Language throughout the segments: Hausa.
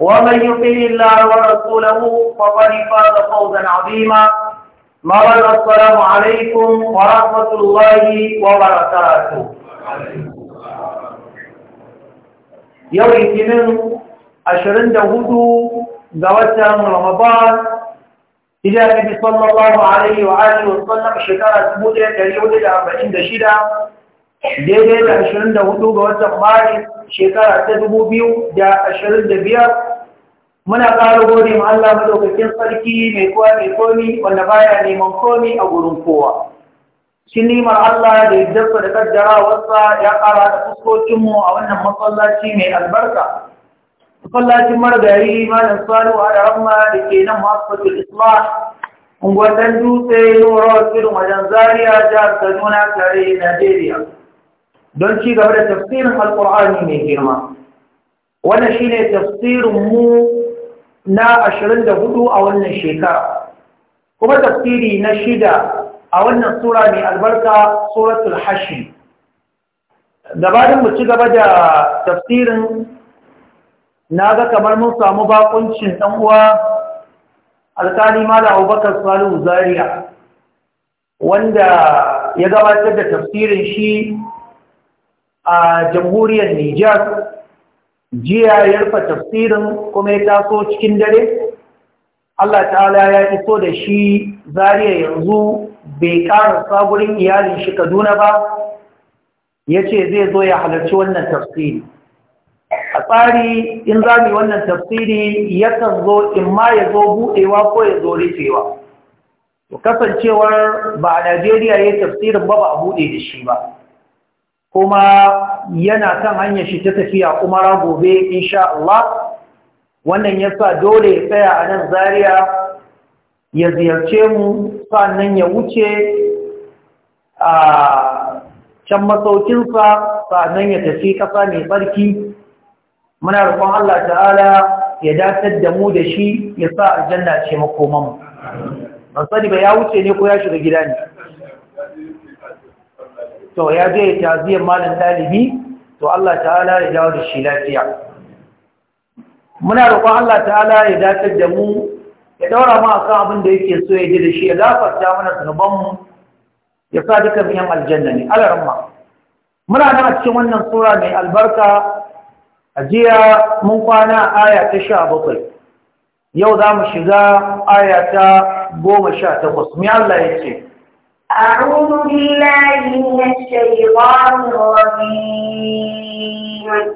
ومن يطع الله ورسوله فقد فاز فوزا عظيما مرد السلام عليكم ورحمة الله وبركاته yau litinin ashirin da hudu ga watan ramadan idan nabi sallallahu alaihi wa alihi wa sallam shekara 1446 daidai da ashirin da hudu ga watan Maris shekara ta dubu biyu da ashirin da biyar muna ƙara gode ma Allah madaukakin sarki mai kowa mai komi wanda baya neman komi a gurin kowa. Shi nimar Allah da yaddarsa da kaddarawarsa ya ƙara da mu a wannan masallaci mai albarka. Masallacin margari malam Salihu a da da ke nan Mahaifatul Islam unguwar dutse yi wa irin wajen Zaria jihar Kaduna tare Najeriya. don ci gaba da tafsirin alƙur'ani mai girma wannan shi ne mu na da 24 a wannan shekara kuma tafsiri na shida a wannan sura mai albarka suratul hashi gabanin mu ci gaba da tafsirin na ga kamar mun samu bakuncin uwa alkali mala abubakar salihu zaria wanda ya gabatar da tafsirin shi a jamhuriyar Nijar jiya ya rufe tafsirin kuma ya taso cikin dare Allah ta'ala ya iso da shi zariya yanzu bai ƙara gurin iyalin shi Kaduna ba ya ce zai zo ya halarci wannan tafsiri a tsari in za mu wannan tafsiri yakan zo in ma ya zo buɗewa ko ya zo rufewa kasancewar ba a Najeriya ya tafsirin ba ba a buɗe da shi ba kuma yana kan hanyar shi ta tafiya kumara gobe insha Allah wannan yasa dole ya tsaya a nan Zaria ya ziyarce mu sannan ya wuce a can masaukinsa sannan ya tafi kasa mai barki muna roƙon Allah ta'ala ya datar da mu da shi ya sa aljanna ce makoman mu ba ya wuce ne ko ya shiga gida ne to ya je ya taziyar malam dalibi to Allah ta'ala ya dawo da shi lafiya muna roƙon Allah ta'ala ya datar da mu ya daura mu akan abin da yake so ya ji da shi ya gafarta mana zunuban mu ya sa duka biyan aljanna ne alarma muna nan a cikin wannan sura mai albarka a jiya mun kwana aya ta sha bakwai yau za mu shiga aya ta goma sha takwas mai Allah ya ce أعوذ بالله من الشيطان الرجيم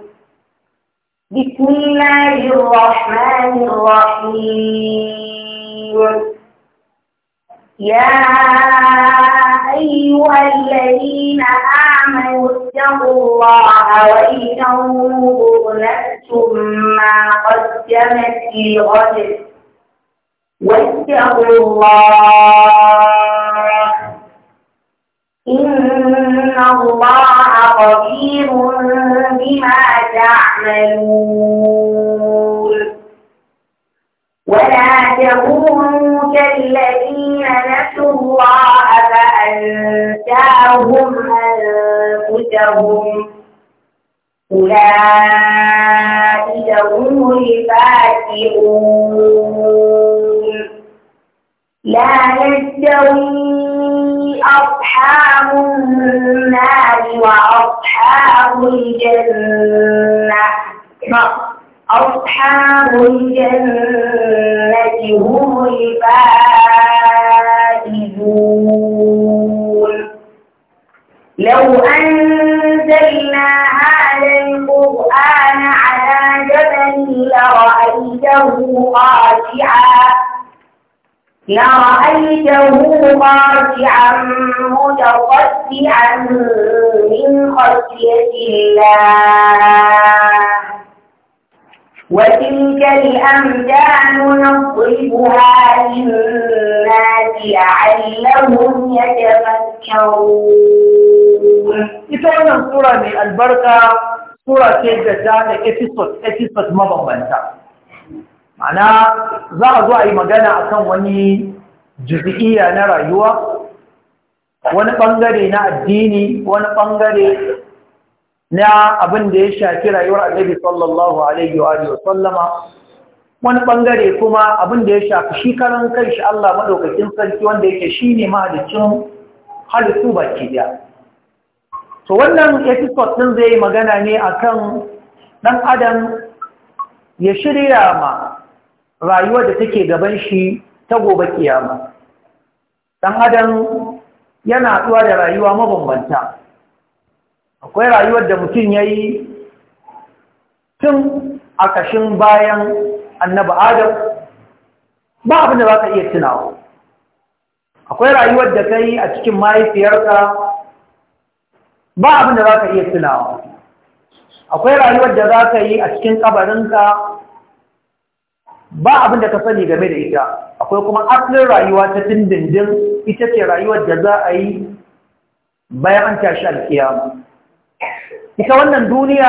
بسم الله الرحمن الرحيم يا أيها الذين آمنوا اتقوا الله ولتنظر نفس ما قدمت لغد واتقوا الله إن الله قدير بما تعملون ولا تكونوا كالذين نسوا الله فأنساهم أنفسهم أولئك هم الفاسقون لا يستوي أصحاب أصحاب النار وأصحاب الجنة أصحاب الجنة هم الفائزون لو أنزلنا هذا القرآن على جبل لرأيته خاشعا لرأيته خاشعا متصدعا من خشية الله وتلك الأمدان نضربها للناس لعلهم يتفكرون. إذا أنا سورة البركة سورة كيف تتعامل إتيسوس إتيسوس مبغمنتا. ana za a zo a yi magana akan wani juzi'iya na rayuwa wani ɓangare na addini wani ɓangare na abin da ya shafi rayuwar annabi sallallahu alaihi wa sallama wani ɓangare kuma abin da ya shafi shi karan kai shi Allah maɗaukakin sarki wanda yake shine mahalicin halittu baki daya to wannan episode ɗin zai yi magana ne akan ɗan adam ya shirya ma rayuwar da take gaban shi ta gobe kiyama dan adam yana tsuwa da rayuwa mabambanta akwai rayuwar da mutum ya yi tun a kashin bayan annabi adam ba abin da za ka iya tunawa akwai rayuwar da kai yi a cikin mahaifiyarka ba abin da za ka iya tunawa akwai rayuwar da za ka yi a cikin kabarinka ba abin da ka sani game da ita akwai kuma asalin rayuwa ta dindindin ita ce rayuwar da za a yi bayan an tashi alkiyama ita wannan duniya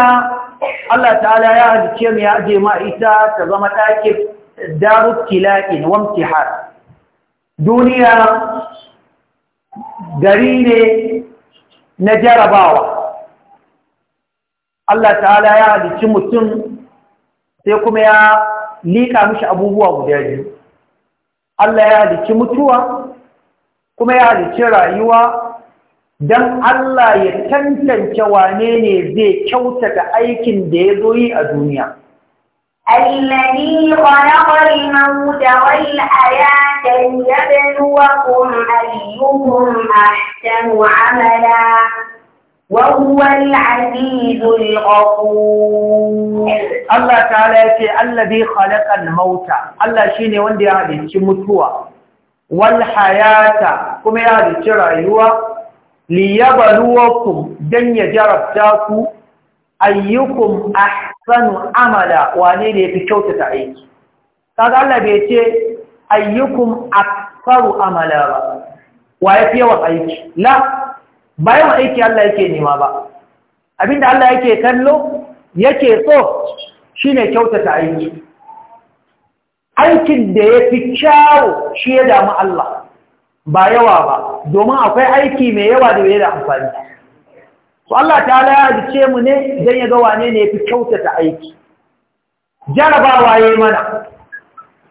Allah ta'ala ya halice mu ya aje ma ita ta zama take darut tilaqin wa imtihan duniya gari ne na jarabawa Allah ta'ala ya halici mutum sai kuma ya liƙa mishi abubuwa guda biyu Allah ya halicci mutuwa kuma ya halicci rayuwa don Allah ya tantance wane ne zai kyautata aikin da ya zo yi a duniya. الذي خلق الموت والحياة ليبلوكم أيكم أحسن عملا وهو العزيز الغفور الله تعالى يقول الذي خلق الموت الله شيني وندي هذه متوى والحياة كما هذه رأيوة ليبلوكم دن يجربتاكم أيكم أحسن عملا وانين يتكوت تعيك هذا الله بيقول أيكم أكثر عملا ويفيوك أيك لا bayan aiki Allah yake nema ba abinda Allah yake kallo yake so shine kyautata aiki aikin da ya fi kyawo shi ya damu Allah ba yawa ba domin akwai aiki mai yawa da ya da amfani to Allah ta ala ya mu ne don ya ga wane ne ya fi kyautata aiki jarabawa yayi mana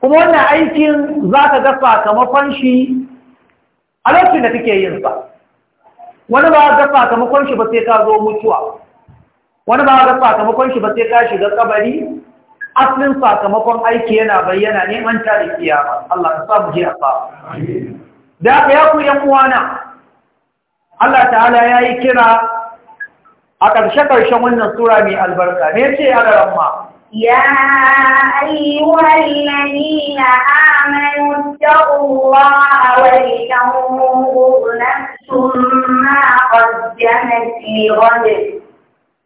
kuma wannan aikin za ka ga sakamakon shi a lokacin da kake yin sa wani ba ga sakamakon shi ba sai ka zo mutuwa wani ba ga sakamakon shi ba sai ka shiga kabari asalin sakamakon aiki yana bayyana ne ta da kiyama Allah ka samu ji afa da ya ku yan uwana Allah ta'ala yayi kira a ƙarshe ƙarshen wannan sura mai albarka ne ce ya ga ramma يا أيها الذين آمنوا اتقوا الله ولتنظر نفس ما قدمت لغد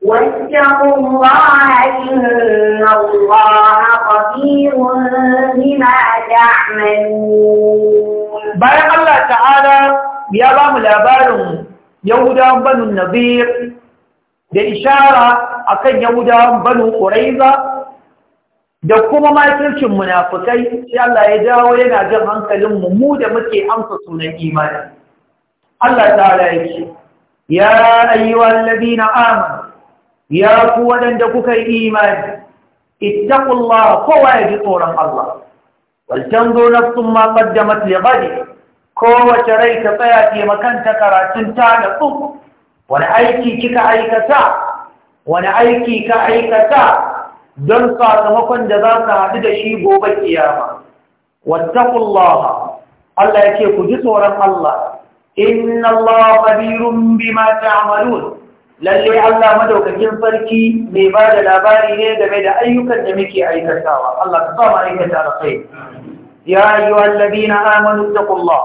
واتقوا الله إن الله خبير بما تعملون بارك الله تعالى يا بام الأبار يهودا بنو النظير da ishara akan yahudawan banu ƙuraiza da kuma makircin munafukai sai Allah ya dawo yana jan hankalin mu mu da muke amsa sunan imani Allah ta'ala yake ya ayyuhal ladina amanu ya ku wadanda kuka yi imani ittaqullaha kowa ya ji tsoron Allah wal tanzu nafsum ma qaddamat li ghadi kowace rai ta tsaya ke makanta karatun ta da tsuk wani aiki kika aikata wani aiki ka aikata don sakamakon da za su haɗu da shi gobe kiyama wattaqullaha Allah yake ku ji tsoron Allah inna Allah khabirun mata ta'malun lalle Allah madaukakin farki mai ba da labari ne game da ayyukan da muke aikatawa Allah ka sa mu aikata kai. ya ayyuhal ladina da kulla.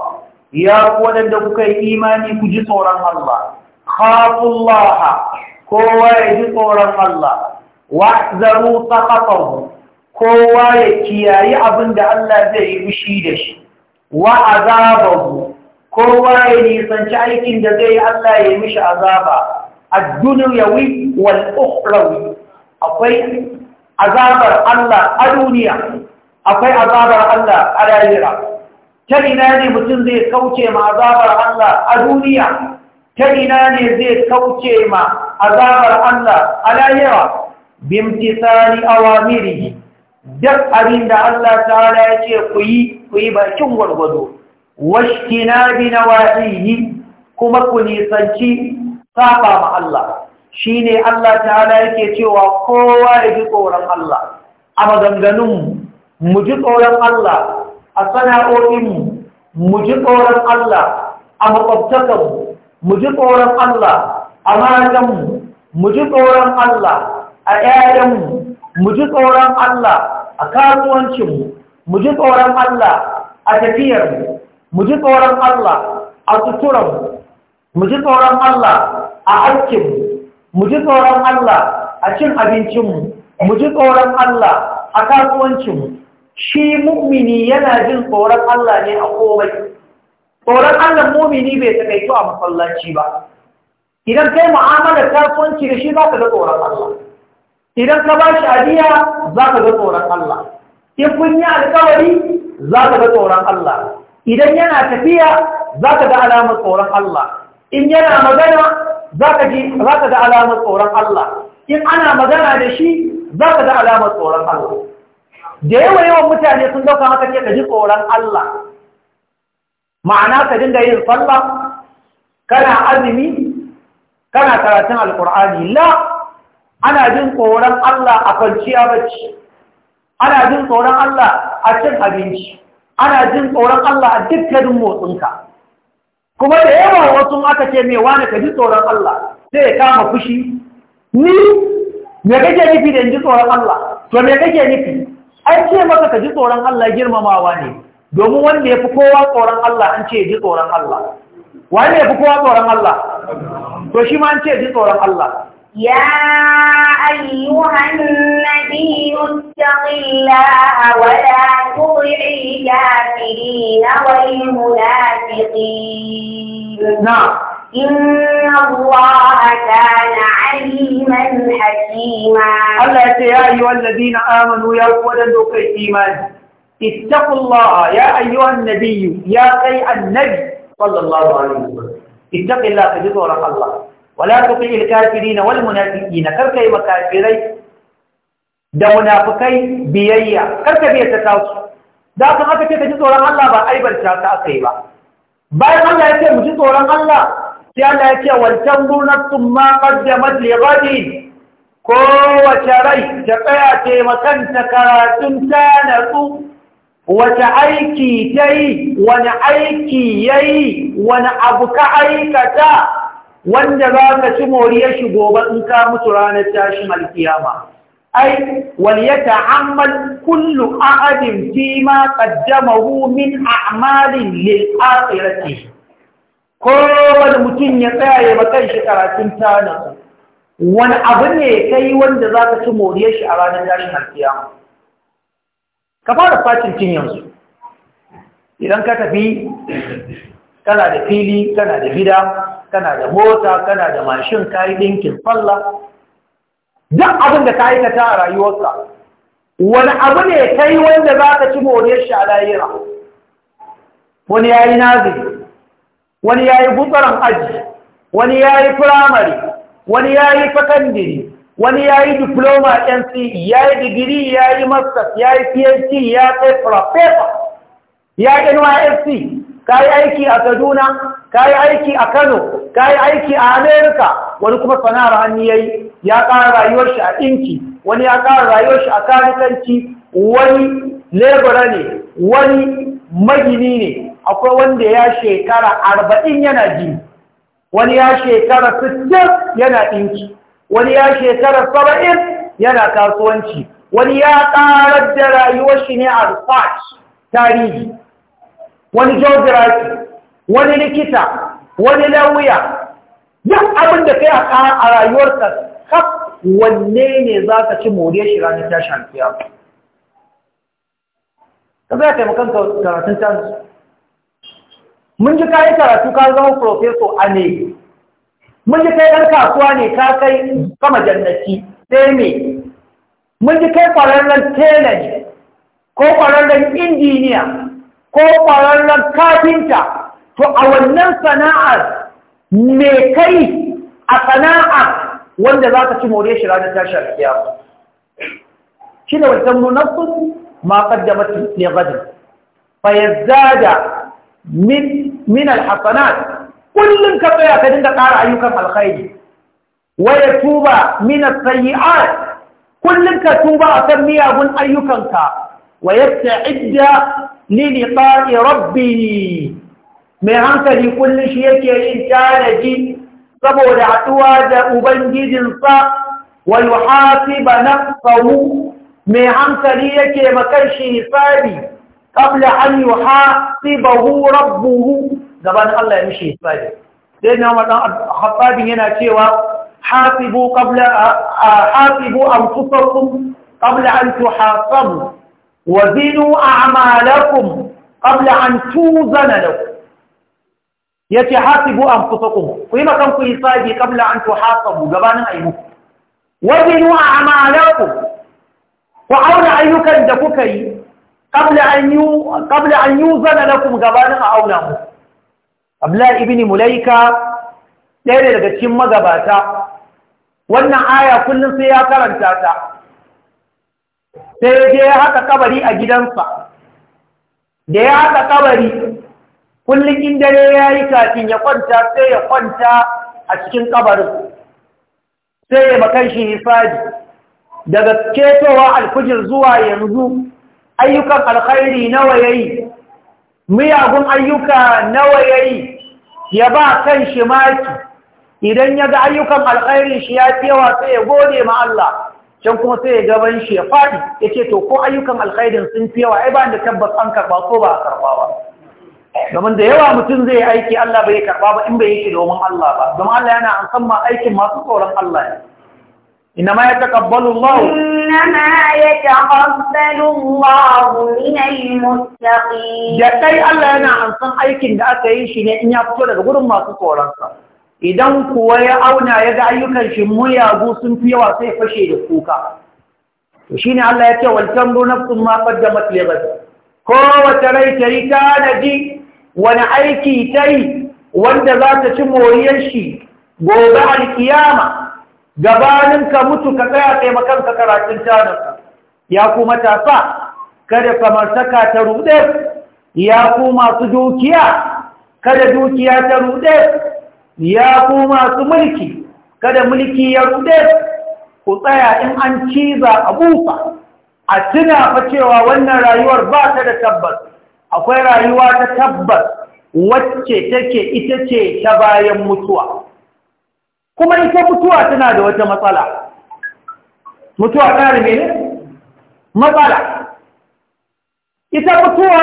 ya waɗanda kuka yi imani ku ji tsoron Allah khafullaha kowa ya ji tsoron Allah wa'zaru saqatahu kowa ya kiyayi abin da Allah zai yi fushi da shi wa kowa ya nisanci aikin da zai yi Allah ya yi mishi azaba ad-dunyawi wal akwai azabar Allah a duniya akwai azabar Allah a rayuwa ta ina ne mutum zai kauce ma azabar Allah a duniya ta ina ne zai kauce ma azabar Allah a rayuwa bimtisali awamirihi duk abin da Allah ta'ala ya ce ku yi ku yi bakin gwargwado washkinabi nawahihi kuma ku nisanci saba ma Allah shine Allah ta'ala yake cewa kowa ya ji tsoron Allah a maganganun mu ji tsoron Allah a sana'o'in mu ji tsoron Allah a makwabtakan mu ji tsoron Allah a matan mu ji tsoron Allah a ƴaƴanmu mu ji tsoron Allah a kasuwancinmu mu ji tsoron Allah a tafiyarmu mu ji tsoron Allah a suturanmu mu ji tsoron Allah a aikinmu mu ji tsoron Allah a cin abincinmu mu ji tsoron Allah a kasuwancinmu shi mu'mini yana jin tsoron Allah ne a komai tsoron Allah mu'mini bai ta kaito a masallaci ba idan kai mu'amala kasuwanci da shi za ka ga tsoron Allah idan ka ba shi adiya za ka ga tsoron Allah in kun yi alkawari za ka ga tsoron Allah idan yana tafiya za ka ga alamar tsoron Allah in yana magana za ka ga alamar tsoron Allah in ana magana da shi za ka ga alamar tsoron Allah da yawa yawan mutane sun dauka maka ce ka ji tsoron Allah ma'ana ka dinga yin sallah kana azumi kana karatun alkur'ani la ana jin tsoron Allah a kwanciya bacci ana jin tsoron Allah a cin abinci ana jin tsoron Allah a dukkanin motsinka kuma da yawa wasu aka ce mai wani ka ji tsoron Allah sai ya kama fushi ni me kake nufi da in ji tsoron Allah to me kake nufi an ce maka ka ji tsoron Allah girmamawa ne domin wanda ya fi kowa tsoron Allah an ce ji tsoron Allah wani ya fi kowa tsoron Allah to shi ma an ce ji tsoron Allah يا أيها النبي اتق الله ولا تطع الكافرين والمنافقين نعم إن الله كان عليما حكيما ألا يا أيها الذين آمنوا يا ولدك الإيمان اتقوا الله يا أيها النبي يا أي النبي صلى الله عليه وسلم اتق الله فجزورك الله wala tuti al-kafirin wal munafiqin karka yi makafirai da munafikai biyayya karka biya ta tasu da kan aka ce ka ji tsoron Allah ba aibarta ka aka ba bayan Allah ya ce mu ji tsoron Allah sai Allah ya ce wancan burnar tumma qaddamat li Ko kowace rai ta tsaya taimakanta karatun ta natsu wace aiki ta yi wani aiki ya yi wani abu ka aikata wanda za ka ci moriyar shi gobe in ka mutu ranar tashi alkiyama ai ya yata'ammal kullu ahadin fi ma qaddamahu min a'malin lil akhirati wani mutum ya tsaya ya kan shi karatun tana wani abu ne kai wanda za ka ci moriyar shi a ranar tashin alkiyama ka fara fatin cin yanzu idan ka tafi kana da fili kana da gida kana da mota kana da mashin kayi ɗinkin falla duk abin da ka aikata a rayuwarka wani abu ne kai wanda za ka ci more shi a layira wani ya yi naziri wani ya yi gutsaran aji wani ya yi firamare wani ya yi sakandiri wani ya yi diploma N.C. ya yi digiri ya yi masters ya yi phd ya kai professor ya nysc kayi aiki a kaduna kayi aiki a kano kayi aiki a amerika wani kuma sana'ar hannu ya yi ya ƙara rayuwar shi a ɗinki wani ya ƙara rayuwar shi a kanikanci wani lebura ne wani magini ne akwai wanda ya shekara arba'in yana ji wani ya shekara sittin yana ɗinki wani ya shekara saba'in yana kasuwanci wani ya ƙarar da rayuwar shi ne a tarihi wani geography wani likita wani lauya duk abin da kai a rayuwarsa kaf wanne ne za ka ci moriyar shi ranar tashin alfiya ka zai taimakon karatun tanzu. mun ji kayi karatu ka zama profeso a ne mun ji kai ɗan kasuwa ne ka kai kama jannaki, sai me mun ji kai kwararren tela ko kwararren injiniya ko ƙwararren kafinta to a wannan sana'ar me kai a sana'ar wanda za ka ci more shi ranar tashi a kiyama shi ne wata munafin ma ƙaddamar ne gadin da min alhassanat kullum ka tsaya ka dinga ƙara ayyukan alkhairi waya tuba min sayyi'at kullum ka tuba akan miyagun ayyukanka wa yasta'idda للقاء ربي من هنك دي كل يا كإنسان جي صبو دعتوا ذا أبنجد الصاء ويحاسب نفسه من هنك دي كمكرشي نصابي قبل أن يحاسبه ربه زبان الله يمشي نصابي لأن خطابي هنا شيء حاسبوا قبل حاسبوا أنفسكم قبل أن تحاسبوا wazinu a'malakum qabla an tuzana lakum yace hasibu anfusakum ku yi makan ku hisabi qabla an tuhasabu gabanin ayi muku wazinu a'malakum ku auna ayyukan da kuka yi qabla an yu qabla an yuzana gabanin a auna Abdullahi Mulaika ɗaya daga cikin magabata wannan aya kullum sai ya karanta ta sai je haka kabari a gidansa da ya haka kabari kullum in dare ya yi kafin ya kwanta sai ya kwanta a cikin kabarin sai ya makan shi hisabi daga ketowa alfijir zuwa yanzu ayyukan alkhairi nawa yayi miyagun ayyuka nawa yayi ya ba kan shi maki idan ya ga ayyukan alkhairi shi ya fi yawa sai ya gode ma Allah can kuma sai ya gaban shi ya faɗi ya ce to ko ayyukan alkhairin sun fi yawa ai ba da tabbas an karɓa ko ba a karɓa ba domin da yawa mutum zai yi aiki Allah bai karɓa ba in bai yi shi domin Allah ba domin Allah yana an san ma aikin masu tsoron Allah ne إنما يتقبل الله إنما يتقبل الله من المتقين جاء الله أنا أنصن أيكين دا أكيشين إن يفتو لك قرم ما تطورنسا idan kuwa ya auna ya ga ayyukan shi muyagu sun fi yawa sai fashe da kuka to shine Allah ya ce wal tamru nafsun ma qaddamat li ghad ko wata rai ta yi tanadi wani aiki ta yi wanda za ta ci moriyar shi gobe alkiyama gabanin ka mutu ka tsaya taimakon ka karatun tanarsa ya ku matasa kada masaka ta ruɗe ya ku masu dukiya kada dukiya ta ruɗe ya ku masu mulki kada mulki ya rude ku tsaya in an ciza a bufa a tuna fa cewa wannan rayuwar ba ta da tabbas akwai rayuwa ta tabbas wacce take ita ce ta bayan mutuwa kuma ita mutuwa tana da wata matsala mutuwa tana da matsala ita mutuwa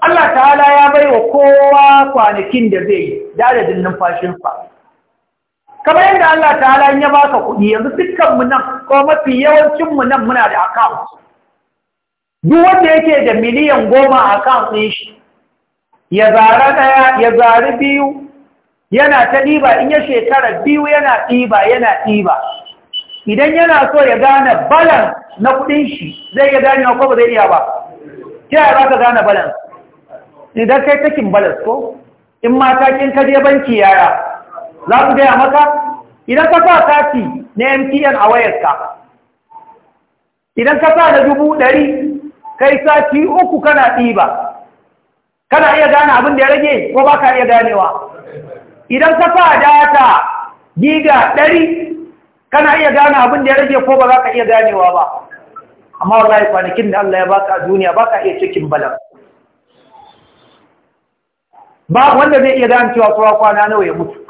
Allah ta'ala ya bai wa kowa kwanakin da zai yi da adadin numfashinsa kamar yadda Allah ta'ala ya ba ka kuɗi yanzu dukkanmu nan ko mafi yawancinmu nan muna da account duk wanda yake da miliyan goma a kan shi ya zara ɗaya ya zari biyu yana ta ɗiba in ya shekara biyu yana ɗiba yana ɗiba idan yana so ya gane balan na kuɗin shi zai ya gane ko ba zai iya ba ta yaya ba ka gane balan idan kai takin balas ko in mata kin kaje banki yaya za su gaya maka idan ka sa kati na mtn a wayarka idan ka sa da dubu ɗari kai sati uku kana ɗiba kana iya gane abin da ya rage ko ba iya ganewa idan ka sa data giga ɗari kana iya gane abin da ya rage ko ba za ka iya ganewa ba amma wallahi kwanakin da Allah ya baka a duniya baka iya cikin balan ba wanda zai iya gane cewa kowa kwana nawa ya mutu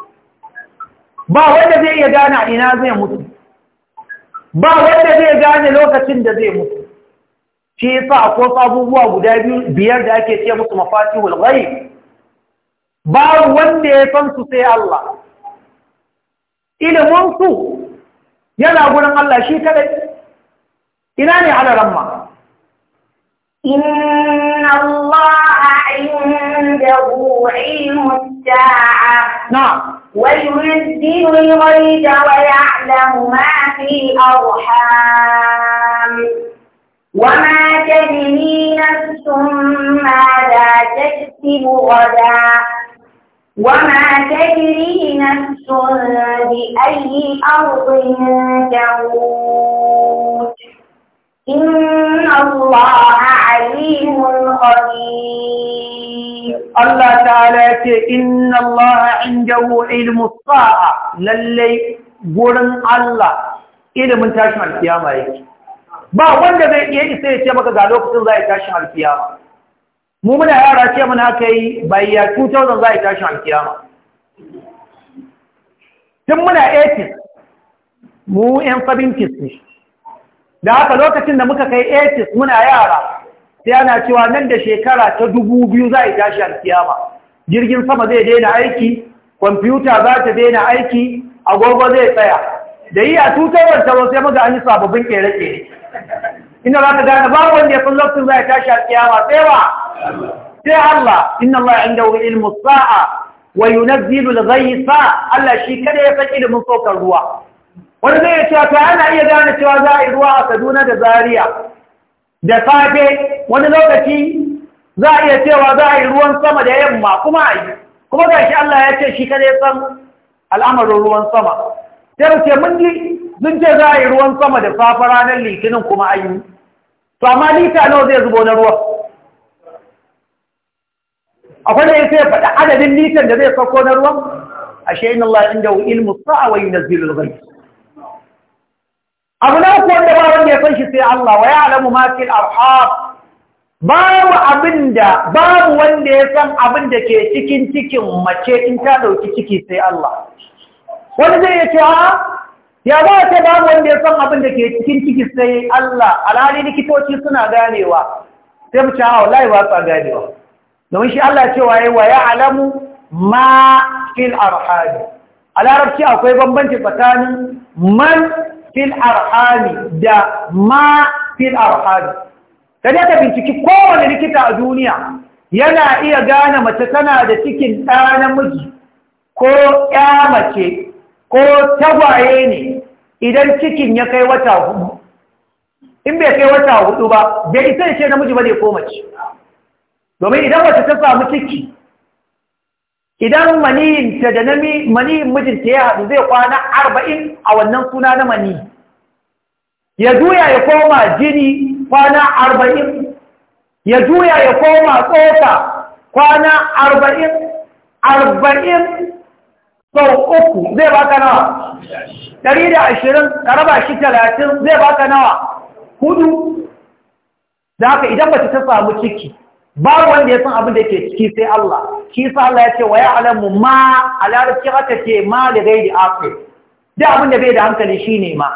ba wanda zai iya gane a ina zai mutu ba wanda zai gane lokacin da zai mutu shi yasa ko abubuwa guda biyar da ake ce musu mafatihul ghaib ba wanda ya san su sai Allah ilimin su yana gurin Allah shi kadai ina ne ala ramma إن الله عنده علم الساعة نعم وينزل الغيب ويعلم ما في الأرحام وما تدري نفس ماذا تكسب غدا وما تجري نفس بأي أرض تموت Allah ta'ala ce, Inna Allah in jawo ilmu sa’a lallai gurin Allah ilimin tashin alfiyama yake. Ba wanda zai iya isa ya ce maka ga lokacin za a yi tashin alfiyama. Mu muna yara ce mana aka yi bayya 2000 za a yi tashin alfiyama. Tun muna 80, mu 'yan sabin kisne. da haka lokacin da muka kai 80 muna yara sai ana cewa nan da shekara ta dubu biyu za a tashi alkiyama jirgin sama zai daina aiki kwamfuta za ta daina aiki agogo zai tsaya da yi a tutarwar taro sai muga an yi sababbin kere-kere inda za ka gane babu wanda ya fi za a tashi alkiyama sai wa sai Allah inna Allah inda wuri ilmu sa'a wa yunazzilu yi sa Allah shi kada ya san ilimin saukar ruwa wani zai ya cewa to ana iya gane cewa za a yi ruwa a kaduna da zaria da safe wani lokaci za a iya cewa za a yi ruwan sama da yamma kuma a yi kuma ga shi Allah ya ce shi kada ya san al'amarin ruwan sama sai mu ce mun ji sun ce za a yi ruwan sama da safe ranar litinin kuma a yi to amma lita nawa zai zubo na ruwa akwai da ya sai faɗa adadin litan da zai sauko na ruwa ashe inna Allah inda ilmu sa'a wa yunzilu al abu na uku wanda ba wanda ya san shi sai Allah wa ya'lamu ma fil babu abinda babu wanda ya san abinda ke cikin cikin mace in ta dauki ciki sai Allah wani zai ya ce ya ba ta babu wanda ya san abinda ke cikin ciki sai Allah alhali likitoci suna ganewa sai mu ce a ah, wallahi ba sa ganewa domin shi Allah cewa yayi wa ya'lamu ma fil arham a larabci akwai bambanci tsakanin man fil arhami da ma fil arhami ka ka binciki kowane likita a duniya yana iya gane mace tana da cikin ɗa namiji ko ƴa mace ko tagwaye ne idan cikin ya kai wata hudu in bai kai wata hudu ba bai isa ce namiji ba ne ko mace domin idan mace ta samu ciki idan maniyinta da maniyin mijinta ya haɗu zai kwana arba'in a wannan suna na mani ya juya ya koma jini kwana arba'in ya juya ya koma tsoka kwana arba'in arba'in sau uku zai baka nawa ɗari da ashirin ƙaraba shi talatin zai baka nawa hudu da haka idan ba ta samu ciki babu wanda ya san abin da ke ciki sai Allah shi sa Allah ya ce wa ya'lamu ma a aka ce ma da gairi aqil da abin da bai da hankali shine ma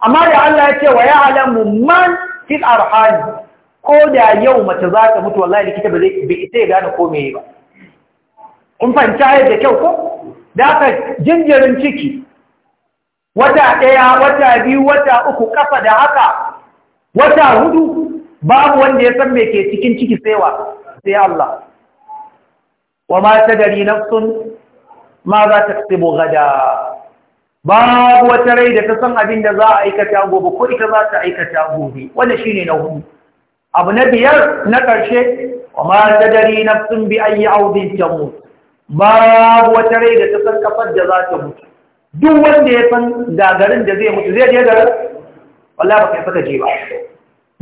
amma da Allah ya ce wa ya'lamu man fil arham ko da yau mace za ta mutu wallahi likita ba zai bai sai gane ko meye ba kun fanta da kyau ko da ka jinjirin ciki wata ɗaya wata biyu wata uku kafa da haka wata hudu babu wanda ya san me ke cikin ciki sai wa sai Allah wa ma tadari nafsun ma za ta tsibo gada babu wata rai da ta san abin da za a aikata gobe ko ita za ta aikata gobe wanda shine na hudu abu na biyar na ƙarshe wa ma tadari nafsun bi an yi audin tamu babu wata rai da ta san kafar da za ta mutu duk wanda ya san gagarin da zai mutu zai je garin wallahi ba kai saka je ba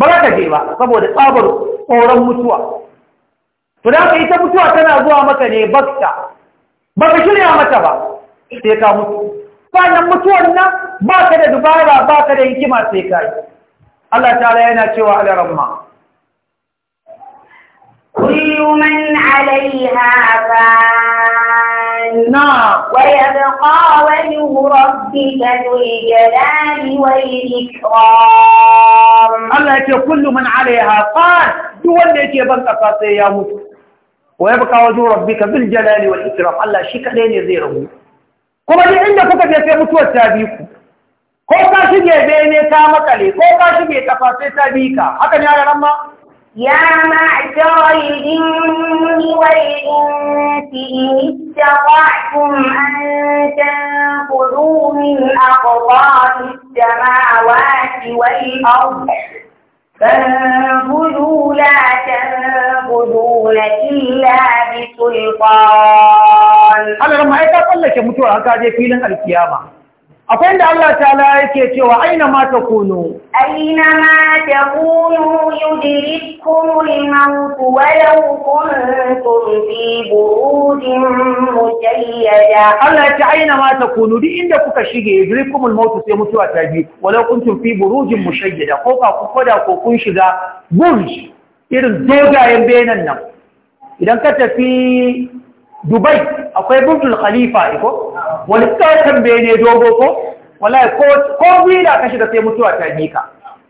ba ka je ba saboda tsabar tsoron mutuwa to da haka ita mutuwa tana zuwa maka ne bakta ba ka shirya mata ba sai ka mutu sannan mutuwan nan ba ka da dubara ba ka da hikima sai ka yi Allah ta'ala yana cewa alaramma كل من عليها فان نعم ويبقى وجه ربك ذو الجلال والإكرام الله يقول كل من عليها فان دول يجي بنك قاسي يا مسلم ويبقى وجه ربك بالجلال والإكرام الله شيك لين زيره كما دي عند كوكا دي سي متوى تابيكو كوكا شيجي بيني كامتلي كوكا شيجي تفاسي تابيكا حتى يا رمى يا معشر الجن والإنس إن استطعتم أن تنفذوا من أقطار السماوات والأرض فانبذوا لا تنبذون إلا بسلطان. على رمى أيضا قال لك متوى هكذا في لن القيامة. akwai da Allah ta'ala yake cewa aina ma ta kunu aina ma ta kunu yudrikumul maut walau kuntum fi burudin mushayyada Allah ta aina ma ta kunu duk inda kuka shige yudrikumul maut sai mutuwa ta bi walau kuntum fi burujin mushayyada ko ka ku koda ko kun shiga burj irin dogayen benan nan idan ka tafi dubai akwai burjul khalifa iko wani tsarkan ne dogo ko wallahi ko ko wida ka shiga sai mutuwa ta jika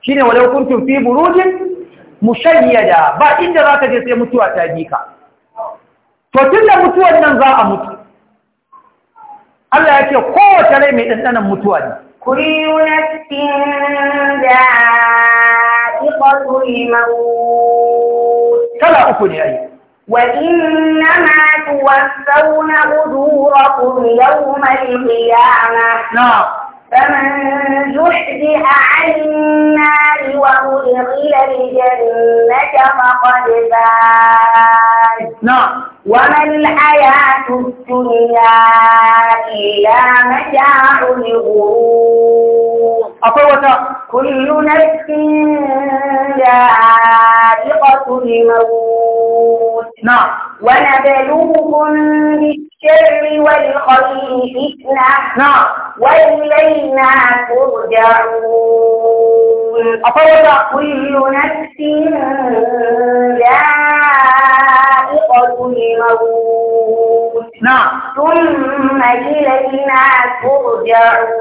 shine walau kuntum fi burujin mushayyada ba inda zaka je sai mutuwa ta jika to tunda mutuwan nan za a mutu Allah yake kowace rai mai dandanan mutuwa ne kullu nafsin da'iqatul maut kala uku ne ai وإنما توفون أجوركم يوم القيامة نعم فمن زحزح عن النار وأدخل الجنة فقد فاز نعم وما الحياة الدنيا إلا متاع الغرور كل نفس ذائقة الموت نعم ونبلوكم بالشر والخير فتنة نعم وإلينا ترجعون كل نفس ذائقة الموت ترجعون نعم ثم إلينا ترجعون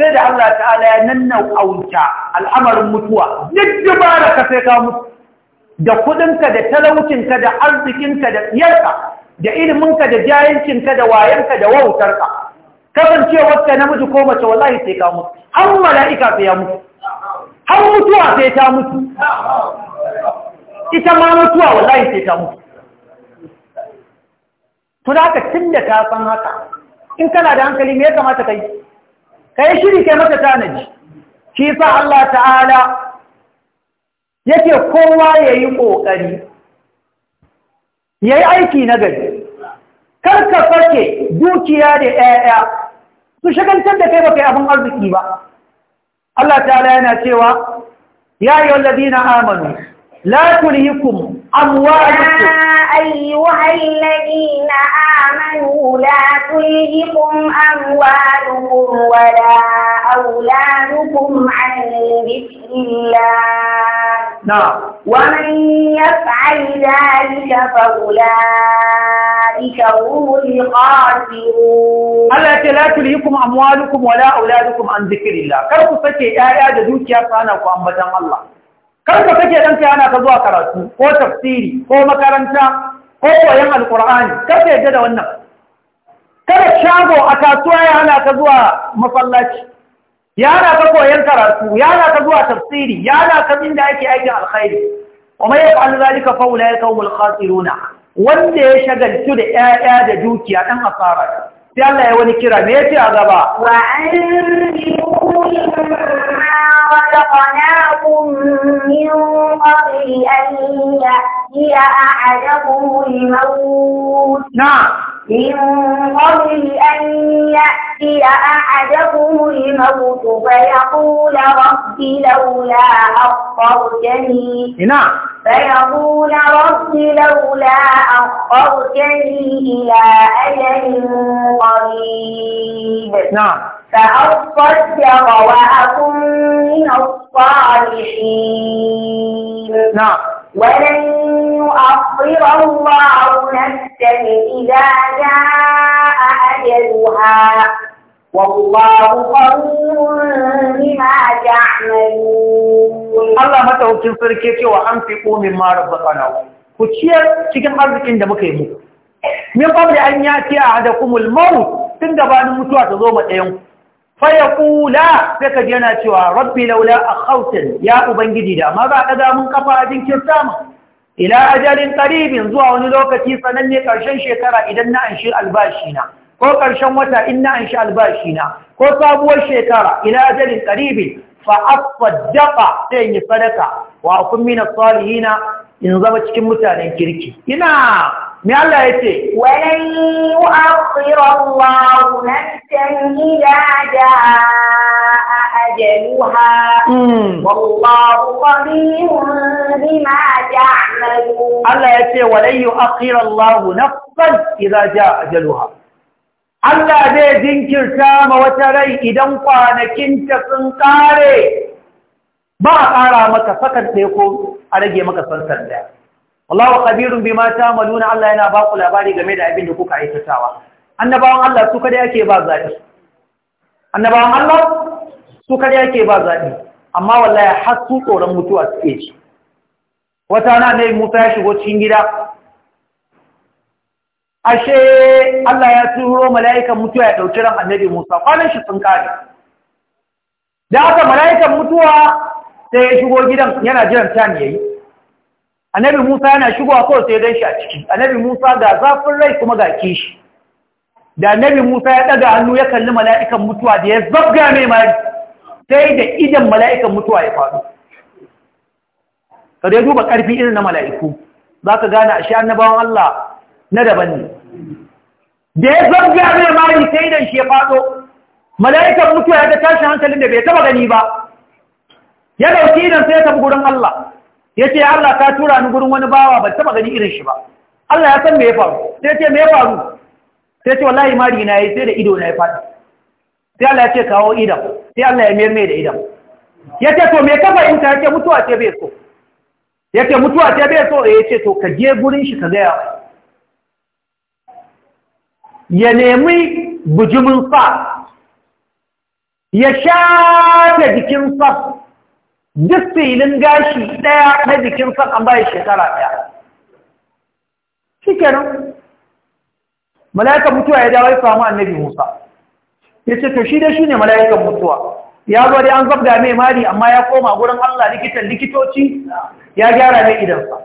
سيد الله تعالى ننو أوجع الأمر متوى نجبارك سيكامت da kudinka da talaucinka da arzikinka da tsiyarka da iliminka da jayincinka da wayanka da wautarka kasancewarka namiji ko mace wallahi sai ka mutu har mala'ika sai ya mutu har mutuwa sai ta mutu ita ma mutuwa wallahi sai ta mutu to ka haka tun da ta san haka in kana da hankali me ya kamata kai yi shiri kai mata tanaji shi sa Allah ta'ala yake kowa yayi Ya yayi aiki na gari kar ka fake dukiya da 'ya'ya su shagantar da kai ba kai abin arziki ba Allah ta'ala yana cewa ya ayyuhallazina amanu لا تلهكم أموالكم أيها الذين آمنوا لا تلهكم أموالكم ولا أولادكم عن ذكر الله نعم ومن يفعل ذلك فأولئك هم الخاسرون ألا لا تلهكم أموالكم ولا أولادكم عن ذكر الله كيف تسكي آيات ذوكي أصانا وأنبتان الله karka ka kake ɗanka yana ka zuwa karatu ko tafsiri ko makaranta ko koyon Alƙur'ani. kar ka yadda da wannan kada shago a kasuwa ya hana ka zuwa masallaci ya hana ka koyon karatu ya hana ka zuwa tafsiri ya hana ka inda ake aikin alkhairi kuma ya ka zalika fa kawo kaumul khasiruna wanda ya shagaltu da 'ya'ya da dukiya ɗan asara Ti Allah ya wani kira me yace a gaba wa خلقناكم من قبل أن يأتي أحدكم الموت نعم من قبل أن يأتي أحدكم الموت فيقول رب لولا أخرتني نعم فيقول رب لولا أخرتني إلى أجل قريب نعم فأصدق وأكن من الصالحين نعم ولن يؤخر الله نفسا إذا جاء أجلها والله خبير بما تعملون الله متى وكن فركيتي وأنفقوا مما رزقناكم ku ciyar cikin arzikin da muka yi muku min qabli an yati ahadakumul maut tun gabanin mutuwa ta zo ɗayan ku fayaqula sai ka yana cewa rabbi laula akhawtin ya ubangiji da ma ba daga mun kafa abin jinkin sama ila ajalin qaribin zuwa wani lokaci sananne karshen shekara idan na anshi albashi na ko karshen wata in na anshi albashi na ko sabuwar shekara ila ajalin qaribin fa asaddaqa sai yi sadaka wa kun min as-salihin in zama cikin mutanen kirki ina me Allah ya ce walan yu'akhir Allah nafsan idza jaa ajaluha wallahu qadirun bima ta'malun Allah ya ce walan yu'akhir Allah nafsan idza jaa ajaluha Allah zai jinkirta ma wata rai idan kwanakinta sun kare ba a ƙara maka sakan ɗaya ko a rage maka sansan ɗaya Allahu khabirun bima ta'maluna Allah yana ba ku labari game da abin da kuka aikatawa annabawan Allah su kada yake ba zaɓi annabawan Allah su kada yake ba zaɓi amma wallahi har su tsoron mutuwa suke ci wata na ne Musa ya shigo cikin gida ashe Allah ya turo mala'ikan mutuwa ya dauki ran annabi Musa kwanan shi sun kare da aka mala'ikan mutuwa sai ya shigo gidan yana jiran tan yayi annabi Musa yana shigowa ko sai dan shi a ciki annabi Musa ga zafin rai kuma ga kishi da annabi Musa ya daga hannu ya kalli mala'ikan mutuwa da ya zabga mai mari sai da idan mala'ikan mutuwa ya faɗo. ka dai duba karfi irin na mala'iku za ka gane a shi annabawan Allah na daban ne da ya zabga mai mari sai idan shi ya faɗo mala'ikan mutuwa ya ga tashin hankalin da bai taba gani ba ya dauki idan sai ya tafi gurin Allah ya ce Allah ka tura ni gurin wani bawa ban taba gani irin shi ba Allah ya san me ya faru sai ce me ya faru sai ce wallahi mari na yi sai da ido na ya fada sai Allah ya ce kawo idan sai Allah ya mayar mai da idan ya ce to me kafa in ta ce mutuwa ce bai so ya ce mutuwa ce bai so ya ce to ka je gurin shi ka gaya ya nemi bujumin sa ya shafe jikin sa duk filin gashi ɗaya na jikin sakan bai shekara ɗaya shi kenan mala'ikan mutuwa ya dawo ya samu annabi musa ya ce to shi da shi ne mala'ikan mutuwa ya zo dai an zabga mai mari amma ya koma gurin allah likitan likitoci ya gyara mai idansa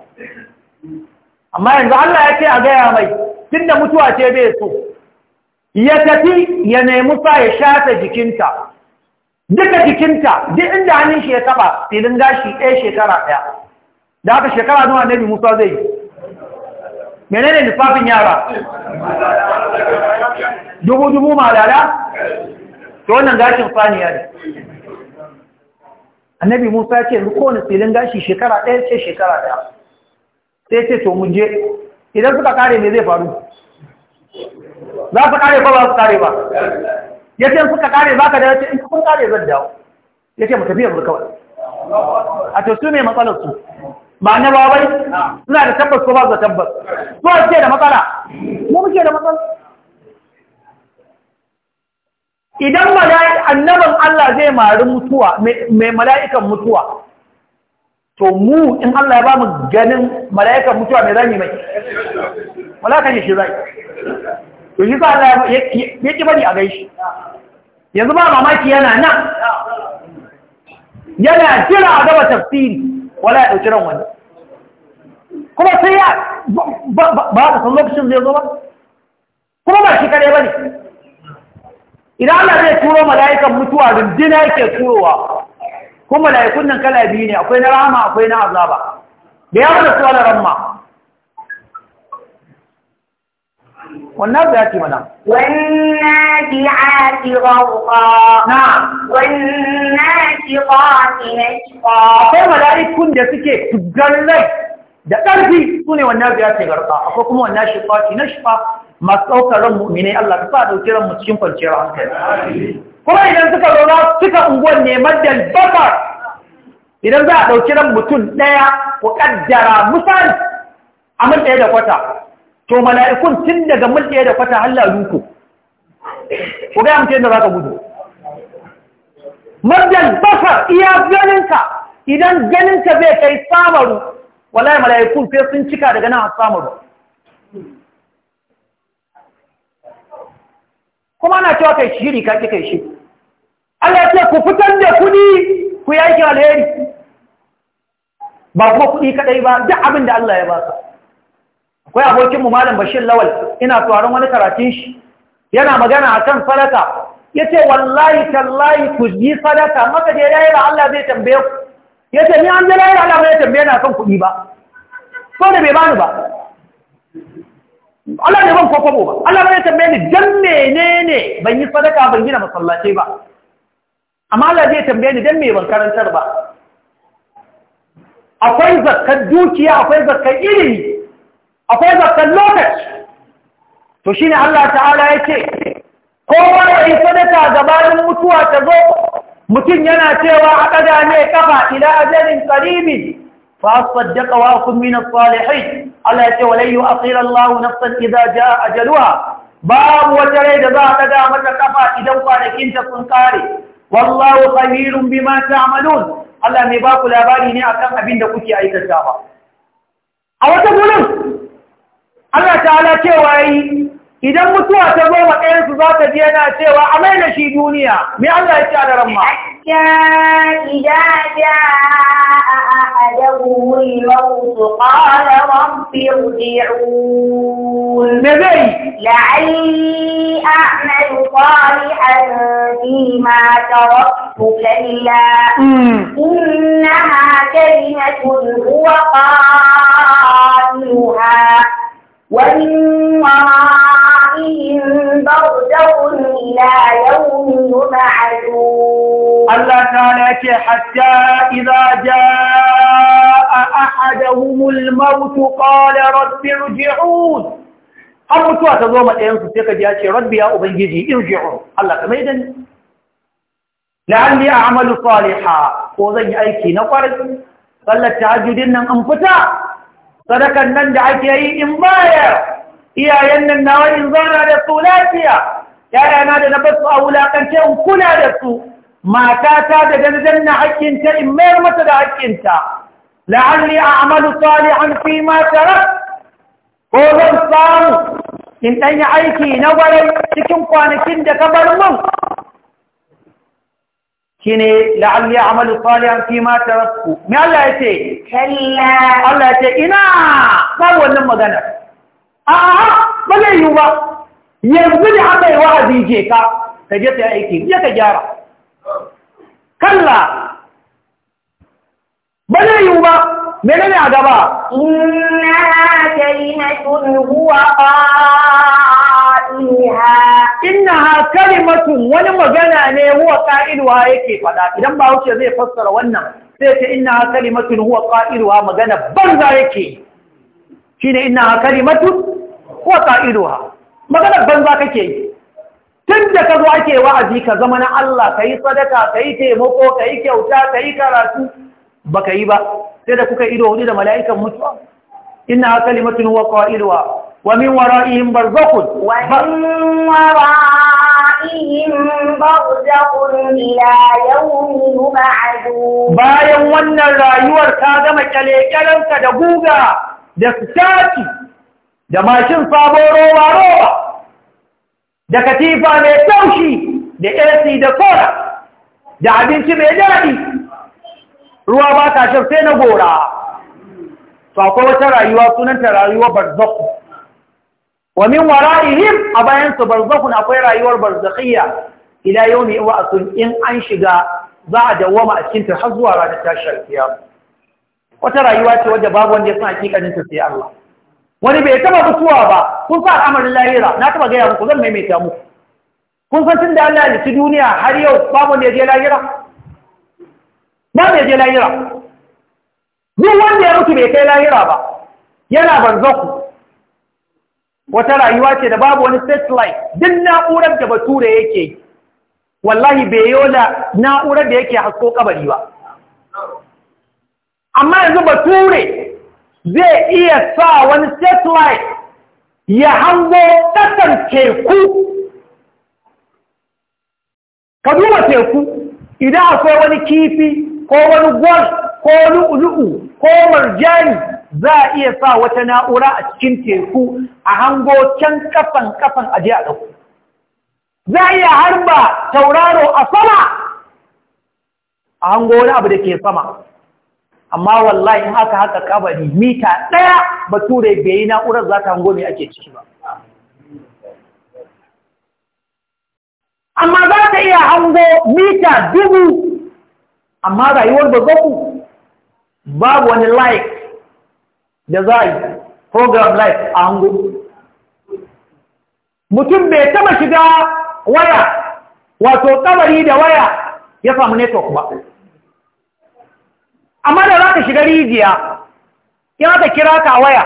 amma yanzu allah ya ce a gaya mai tun da mutuwa ce bai so ya tafi ya nemi sa ya shata jikinta duka jikinta duk inda hannun shi ya taba filin gashi ɗaya shekara ɗaya da haka shekara nawa annabi musa zai yi menene nufafin yara dubu dubu malala to wannan gashin saniya ne annabi musa ce kowane filin gashi shekara ɗaya ce shekara ɗaya sai ce to mun je idan suka kare ne zai faru za su kare ba ba su kare ba ya ce suka kare ba ka da yace in kun kare zan dawo ya ce mu tafi yanzu kawai a to su ne su ba na babai suna da tabbas ko ba su da tabbas su a ce da matsala mu muke da matsala idan annaban Allah zai mari mutuwa mai mala'ikan mutuwa to mu in Allah ya ba mu ganin mala'ikan mutuwa mai yi mai mala'ikan shi zai to shi sa Allah ya ki bari a gaishi yanzu ba mamaki yana nan yana jira a gaba tafsiri wala ya ɗauki ran wani kuma sai ya ba a san lokacin zai zo ba kuma ba shi kare ba ne idan Allah zai turo mala'ikan mutuwa rundina yake turowa kuma mala'ikun nan kala biyu ne akwai na rama, akwai na azaba da ya da suwa da ramma والنازعات منام والنازعات غرقا نعم والناشطات نشقا akwai mala'ikun da suke tugallai da ƙarfi su ne wannan ziyarci garka akwai kuma wannan shifa ki na shifa masu ɗaukar ran mu'minai Allah ta sa ɗauki ran mu cikin kwanciyar kuma idan suka zo za su cika unguwar neman dalbaka idan za a ɗauki ran mutum ɗaya ku ƙaddara misali a mun ɗaya da kwata to mala'ikun tun daga mil ɗaya da kwata halla luko ku ga yamce da za ka gudu mabdal baka iya ganinka idan ganinka bai kai samaru wallahi mala'ikun sai sun cika daga nan a samaru kuma na cewa kai shiri ka kai shi Allah ce ku fitar da kuɗi ku yaki alheri ba kuma kuɗi kaɗai ba duk abin da Allah ya ba ka akwai abokinmu malam bashir lawal ina tsoron wani karatun shi yana magana akan sadaka ya ce wallahi tallahi ku yi sadaka maka dai lahira Allah zai tambaye ku ya ce ni an je lahira Allah zai tambaye na kan kuɗi ba so da bai bani ba Allah ne ban kwakwabo ba Allah zai tambaye ni dan menene ban yi sadaka ban gina masallaci ba amma Allah zai tambaye ni dan me ban karantar ba akwai zakkar dukiya akwai zakkar ilimi akwai zafin lokaci to shi Allah ta'ala ya ce kowa ya yi sadaka gabanin mutuwa ta zo mutum yana cewa a ɗaga ne kafa ila ajalin karibi fa asfadda kawa kun mina Allah ya ce wa layu a tsira Allah nafsan babu wata rai da za a ɗaga mata kafa idan kwanakin ta sun kare wallahu khabirun bima ta'malun Allah mai ba ku labari ne akan abin da kuke aikata ba a wata gurin Allah ta'ala cewa yi idan mutuwa ta zo wa ɗayan su za ta je yana cewa a mai da shi duniya me Allah ya ce a daren ma idan ja أحدهم الموت قال رب ارجعون لعلي أعمل صالحا فيما تركت كلا إنها كلمة هو قائلها الله تعالى حتى إذا جاء أحدهم الموت قال رب ارجعون أمرت أتظوم أن تتك جاءت رب يا أبيجي ارجعون الله تميدا لعلي أعمل صالحا وذي أيكي نقر قال التعجد أن أنفتا sadakan nan da ake yi in baya iyayen nan nawa in zana da su lafiya yayana da na basu a wulakance in kula da su matata da dandan na haƙƙinta in mayar mata da haƙƙinta la'alli a'malu salihan fi ma tarak ko zan samu in ɗan yi aiki na gwarai cikin kwanakin da ka bar mun shine la'alli a'malu salihan fi ma taraktu me Allah ya ce kalla Allah ya ce ina ba wannan magana a'a ba zai yi ba yanzu ne aka yi wa'azi je ka ka je ta aiki je ka gyara kalla ba zai yi ba ne a gaba inna kalimatun huwa qailuha innaha kalimatun wani magana ne huwa qa'iluha yake fada idan ba wuce zai fassara wannan sai ce innaha kalimatun huwa qa'iluha magana banza yake shine innaha kalimatun huwa qa'iluha magana banza kake yi Tunda da ake wa'azi ka zama na Allah ka yi sadaka ka yi taimako ka yi kyauta ka yi karatu ba ka yi ba sai da kuka ido hudu da mala'ikan mutuwa inna kalimatun huwa qa'iluha ومن min برزخ ومن ورائهم برزخ bayan wannan rayuwar ta gama kyalekyalanka da guga da sitaki da mashin sabon roba roba da katifa mai taushi da AC da sola da abinci mai daɗi ruwa ba ta sai na gora to akwai wata rayuwa sunanta rayuwa barzakhu wa min wara'ihim a bayan su barzakhun akwai rayuwar barzakhiyya ila yawmi wa'sun in an shiga za a dawama a cikin ta har zuwa ranar tashar kiyama wata rayuwa ce wadda babu wanda ya san hakikanin ta sai Allah wani bai taba mutuwa ba kun sa al'amarin lahira na taba gaya muku zan maimaita muku kun san tun da Allah ya ci duniya har yau babu wanda ya je lahira ba mai je lahira duk wanda ya mutu bai kai lahira ba yana ku. wata rayuwa ce da babu wani satellite din na'urar da bature yake wallahi bai yola na'urar da yake hasko kabari ba amma yanzu bature zai iya sa wani satellite ya hango ƙasar teku ka duba teku idan akwai wani kifi ko wani gwal ko wani ulu'u ko marjani za a iya sa wata na'ura a cikin teku a hango can kafan kafan aje a ɗauku za a iya harba tauraro a sama a hango wani abu da ke sama amma wallahi in aka haka kabari mita ɗaya ba bature bai yi na'urar za ta hango mai ake ciki ba amma za ta iya hango mita dubu amma rayuwar da babu babu wani like jazai program life a mutum bai taba shiga waya wato kabari da waya ya samu network ba amma da za ka shiga rijiya in aka kira ka waya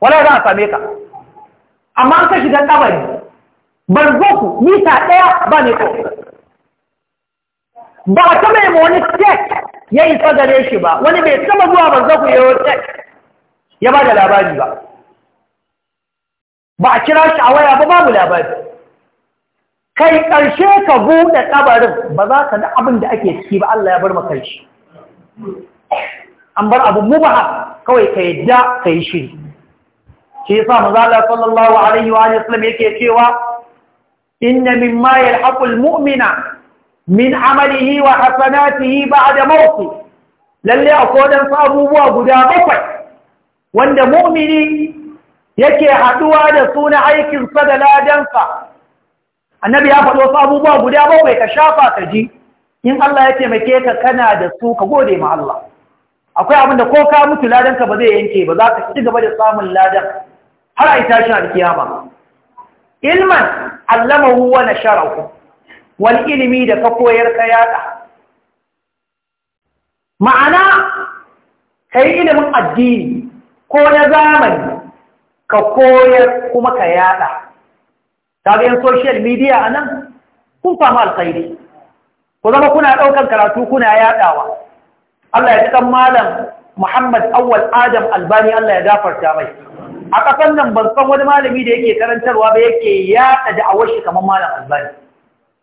wala za a same ka amma ka shiga kabari barzoku mita ɗaya ba network ba a taba yi wani check ya isa gare shi ba wani bai taba zuwa barzaku ya wata ya ba da labari ba ba a kira shi a waya ba babu labari kai ƙarshe ka buɗe ƙabarin ba za ka na abin da ake ciki ba Allah ya bar maka shi an bar abu mubaha kawai ka yadda ka yi shiri shi yasa manzala sallallahu alaihi wa sallam yake cewa inna mimma yalhaqul mu'mina min amalihi wa hasanatihi ba'da mawti lalle akwai dan abubuwa guda bakwai wanda mu'mini yake haduwa da suna aikin sa da ladanka. annabi ya faɗo abubuwa guda bakwai ka shafa ka ji in Allah ya taimake ka kana da su ka gode ma Allah akwai abin da ko ka mutu ladanka ba zai yanke ba za ka ci gaba da samun ladan har a yi tashin alkiyama ilman allama wa nasharahu wani ilimi da ka koyar ka yada ma'ana ka yi ilimin addini ko na zamani ka koyar kuma ka yada ta ga social media a nan kun fama alkhairi ku zama kuna ɗaukan karatu kuna yadawa Allah ya ji malam Muhammad Awwal Adam Albani Allah ya gafarta mai a ƙasar nan ban san wani malami da yake karantarwa ba yake yada da awashi kaman malam Albani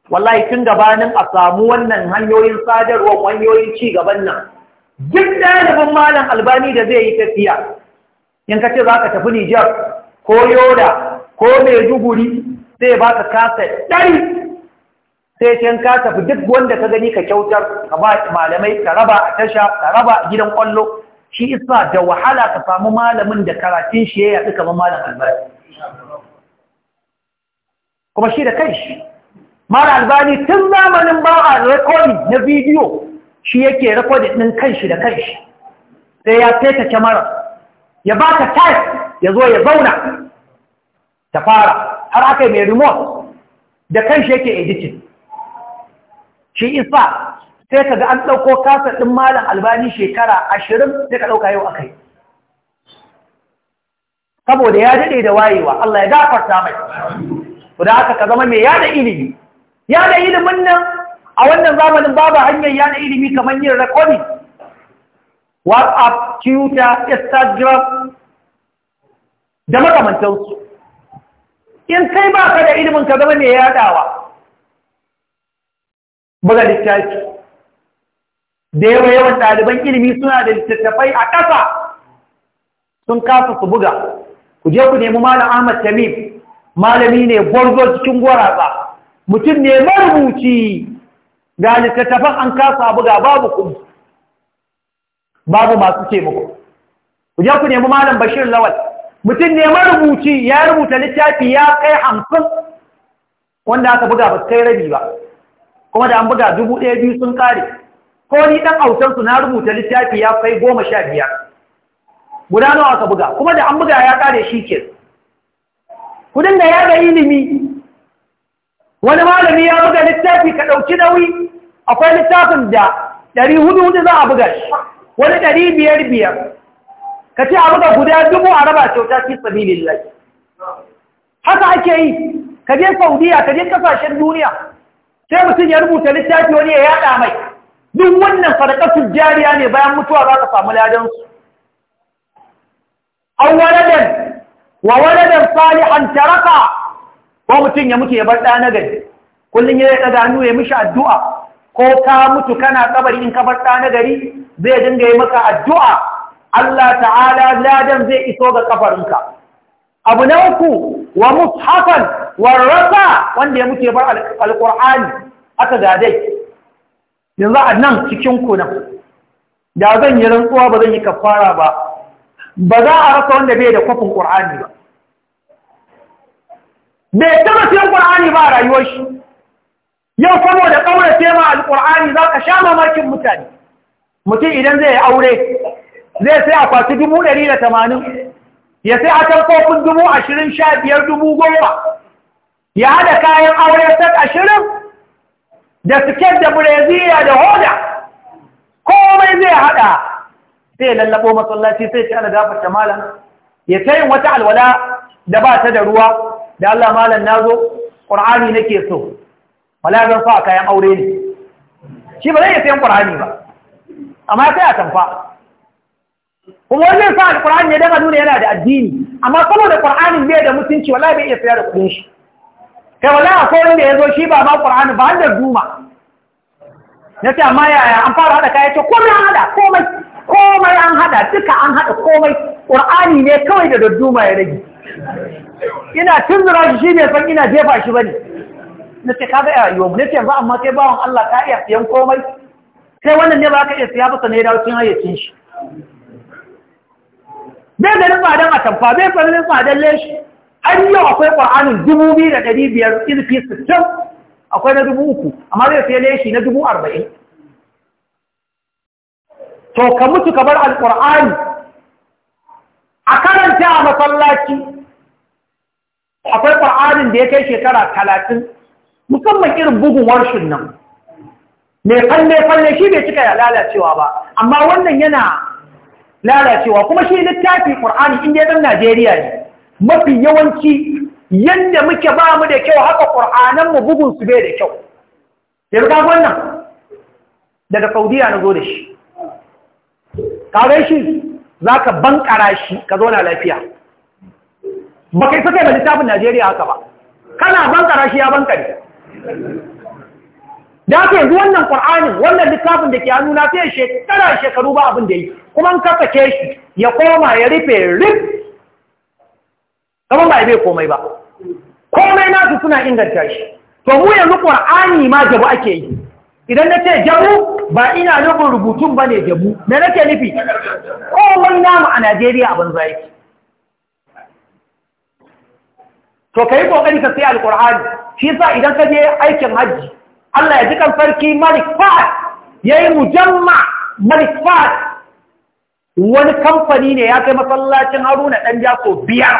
wallahi tun gabanin a samu wannan hanyoyin sadarwa hanyoyin ci gaban nan duk ɗalibin malam albani da zai yi tafiya in ka ce za ka tafi nijar ko yoda ko maiduguri zai ba ka kasa ɗari sai can ka tafi duk wanda ka gani ka kyautar ka ba malamai ka raba a tasha ka raba gidan kwallo shi isa da wahala ka samu malamin da karatun shi ya yaɗu kamar malam albani kuma shi da kai shi mara albani tun zamanin ba a rekodi na bidiyo shi yake rekodi ɗin kanshi da kanshi sai ya feta kyamara ya ba ka type ya zo ya zauna ta fara har aka yi mai remote da kanshi yake editin. shi isa sai ka ga an ɗauko kasar ɗin malin albani shekara ashirin sai ka ɗauka yau a kai saboda ya daɗe da wayewa Allah ya gafarta mai. Ku da ka zama mai yada ilimi yana ilimin nan a wannan zamanin babu hanyar yana ilimi kamar yin rakoni whatsapp twitter instagram da makamantarsu in kai ba ka da ilimin ka zama mai yadawa buga littafi da yawa yawan ɗaliban ilimi suna da littattafai a ƙasa sun kasa su buga ku je ku nemi malam ahmad tamim malami ne gwarzo cikin gwaratsa mutum ne marubuci ga littattafan an kasa buga babu kuma babu masu taimako ku je ku nemi malam bashir lawal mutum ne marubuci ya rubuta littafi ya kai hamsin wanda aka buga ba kai rabi ba kuma da an buga dubu ɗaya biyu sun kare ko ni ɗan su na rubuta littafi ya kai goma sha biyar guda nawa aka buga kuma da an buga ya kare shi ke kudin da ya ga ilimi wani malami ya buga littafi ka ɗauki nauyi akwai littafin da ɗari hudu hudu za a buga shi wani ɗari biyar biyar ka ce a buga guda dubu a raba kyauta fi sabilin lai haka ake yi ka je saudiya ka je kasashen duniya sai mutum ya rubuta littafi wani ya yada mai duk wannan sadakatun jariya ne bayan mutuwa za ka samu ladansu an waladan wa waladan salihan taraka ko mutum ya mutu bar ɗa na gari kullum ya ɗaga hannu ya mishi addu'a ko ka mutu kana kabari in ka bar ɗa na gari zai dinga yi maka addu'a Allah ta'ala ladan zai iso ga kafarinka abu na uku wa mushafan rasa, wanda ya mutu bar alƙur'ani aka gadai yanzu a nan cikin kunan da zan yi rantsuwa ba zan yi kafara ba ba za a rasa wanda bai da kwafin ƙur'ani ba bai taba siyan ƙur'ani ba a rayuwa shi yau saboda ƙaurace ma alƙur'ani za ka sha mamakin mutane mutum idan zai aure zai sai akwati dubu ɗari da tamanin ya sai a tamfofin dubu ashirin sha biyar dubu goma ya haɗa kayan aure sak ashirin da siket da breziya da hoda komai zai haɗa sai lallaɓo masallaci sai ci ana gafarta malam ya ta yin wata alwala da ba ta da ruwa da Allah malam nazo Qur'ani nake so wala zan kayan aure ne shi ba zai iya sayan Qur'ani ba amma sai a tamfa kuma wannan sa Qur'ani ne dan yana da addini amma saboda Qur'ani bai da mutunci wala bai iya saya da kudin shi kai wala a saurin da yazo shi ba ma Qur'ani ba da duma na ce amma yaya an fara hada kaya ce komai an hada komai komai an hada duka an hada komai Qur'ani ne kawai da dadduma ya rage ina tunzura shi shine san ina jefa shi bane na ce kaga ya yiwu ne ce yanzu amma sai bawan Allah ka iya siyan komai sai wannan ne ba ka iya siya ba sanai dawo cin hayyacin shi bai ganin tsadan atamfa bai ganin tsadan leshi an yau akwai ƙwa'anin dubu biyu da ɗari biyar ilfi sittin akwai na dubu uku amma zai sai leshi na dubu arba'in to ka mutu ka bar alƙur'ani a karanta a masallaci akwai ƙwa'arin da ya kai shekara talatin musamman irin bugun warshin nan mai falle-falle shi bai cika ya lalacewa ba amma wannan yana lalacewa kuma shi littafi ƙur'ani inda ya najeriya ne mafi yawanci yadda muke ba mu da kyau haka ƙur'ananmu su bai da kyau ya ruka wannan daga saudiya na zo da shi shi za ka bankara shi ka zauna lafiya ba kai sakai da littafin najeriya haka ba kana bankara shi ya bankare da ka yanzu wannan ƙwar'anin wannan littafin da ke hannu na fiye shekara shekaru ba abin da yi kuma ka sake shi ya koma ya rufe rif kamar ba bai komai ba komai nasu suna inganta shi to mu yanzu ƙwar'ani ma jabu ake yi idan na ce jamu ba ina nufin rubutun ba ne jamu me nake nufi kowai namu a najeriya a banza yake to ka yi kokari ka sai alkur'ani shi yasa idan ka je aikin hajji allah ya ji kan sarki malik fahad ya yi mujamma malik fahad wani kamfani ne ya kai masallacin haruna ɗan jaso biyar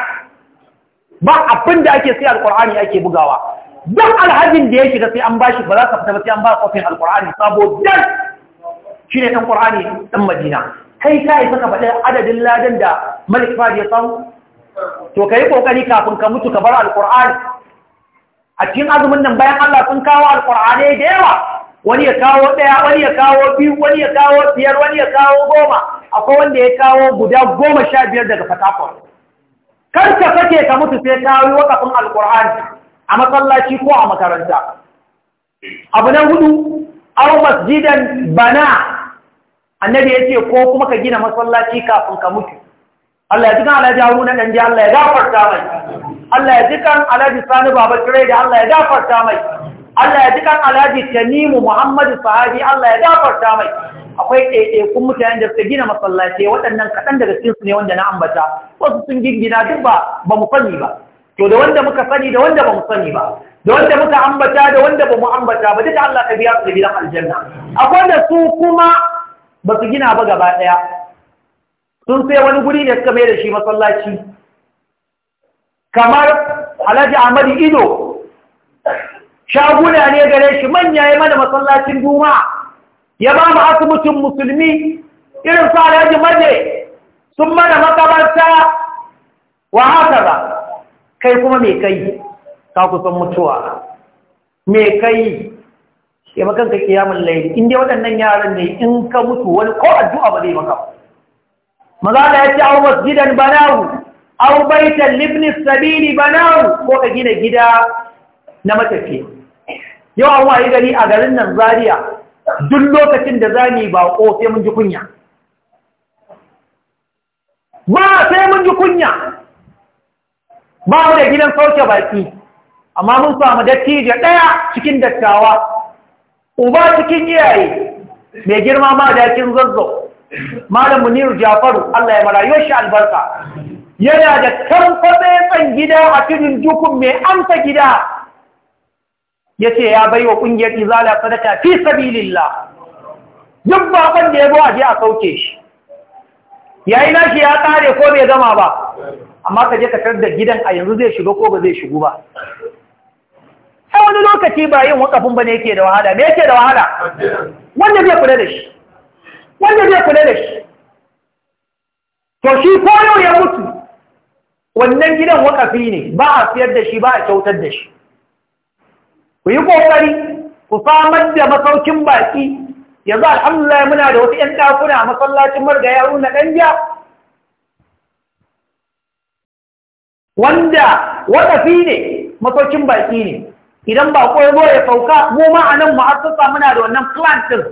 ba abin da ake sai alƙur'ani ake bugawa duk alhajin da ya shiga sai an bashi ba za ka fita ba sai an ba kofin alkur'ani sabo dan shine dan qur'ani dan madina kai yi saka faɗi adadin ladan da malik fadi ya samu to kai kokari kafin ka mutu ka bar alkur'ani a cikin azumin nan bayan Allah sun kawo alkur'ani da yawa wani ya kawo ɗaya wani ya kawo biyu wani ya kawo biyar wani ya kawo goma akwai wanda ya kawo guda goma sha biyar daga fatakwal kar ka sake ka mutu sai ka yi wakafin alkur'ani a masallaci ko a makaranta abu na hudu aw masjidan bana annabi ya ce ko kuma ka gina masallaci kafin ka mutu Allah ya ji kan alhaji haruna na ɗanji Allah ya gafarta mai Allah ya ji kan alhaji sani baba kire da Allah ya gafarta mai Allah ya ji kan alhaji Tanimu muhammadu sahabi Allah ya gafarta mai akwai ɗaiɗaikun mutanen da suka gina masallaci waɗannan kaɗan daga cikinsu ne wanda na ambata wasu sun gingina duk ba ba mu fanni ba to da wanda muka sani da wanda ba mu sani ba da wanda muka ambata da wanda ba mu ambata ba duka Allah ka biya su da gidan aljanna akwai da su kuma ba su gina ba gaba ɗaya sun sai wani guri ne suka mai da shi masallaci kamar alhaji Ahmad ido shaguna ne gare shi manya ya mana masallacin juma'a ya ba mu asibitin musulmi irin su alhaji maje sun mana makabarta wa haka ba kai kuma mai kai ka kusan mutuwa mai kai ya ka kiyamun laili inda waɗannan yaran ne in ka mutu wani ko addu'a ba zai maka maza da ya ce au masjidan banawu au baitan libnis sabili banawu ko ka gina gida na matafi yau an wayi gari a garin nan zariya duk lokacin da za mu ba ko sai mun ji kunya ba sai mun ji kunya ba mu da gidan sauke baki amma mun samu dattijo ɗaya cikin dattawa uba cikin iyaye mai girma ma dakin zazzau malam muniru jafaru Allah ya marayo shi albarka yana da kamfatsen gida a cikin dukun mai amsa gida ya ce ya bai wa ƙungiyar izala sadaka fi sabilillah duk baban da ya zo a je a sauke shi yayi nashi ya tsare ko bai zama ba amma ka je ka tar da gidan a yanzu zai shigo ko ba zai shigo ba sai wani lokaci ba yin wakafin ba ne yake da wahala me yake da wahala wanda zai kula da shi wanda zai kula da shi to shi ko yau ya mutu wannan gidan wakafi ne ba a siyar da shi ba a kyautar da shi ku yi kokari ku samar da masaukin baki yanzu alhamdulillah muna da wasu 'yan ɗakuna masallacin marga yaro na ɗan jiya? wanda wadafi ne masaukin baki ne idan ba ko ya sauka mu nan mu muna da wannan plant din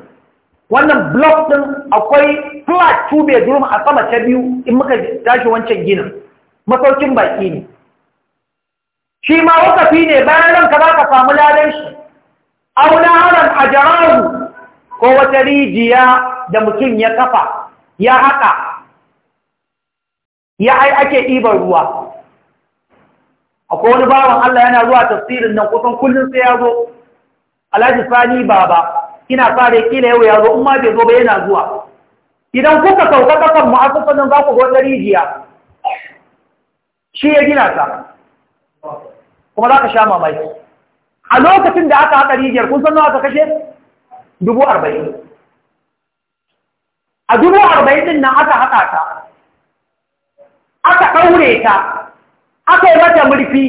wannan block ɗin, akwai flat two bedroom a sama ta biyu in muka tashi wancan ginin masaukin baki ne shi ma wakafi ne bayan ka za ka samu ladan shi auna haram a jararu ko wata rijiya da mutum ya kafa ya haka ya ai ake ɗiban ruwa akwai wani bawan Allah yana zuwa tafsirin nan kusan kullum sai ya zo alhaji sani baba kina fara kila yau ya zo in ma bai zo ba yana zuwa idan kuka sauka kasan mu'assasan nan za ku ga wata rijiya shi ya gina ta kuma za ka sha mamaki a lokacin da aka haka rijiyar kun san nawa ka kashe dubu arba'in a dubu arba'in din nan aka haka ta aka ɗaure ta aka yi mata murfi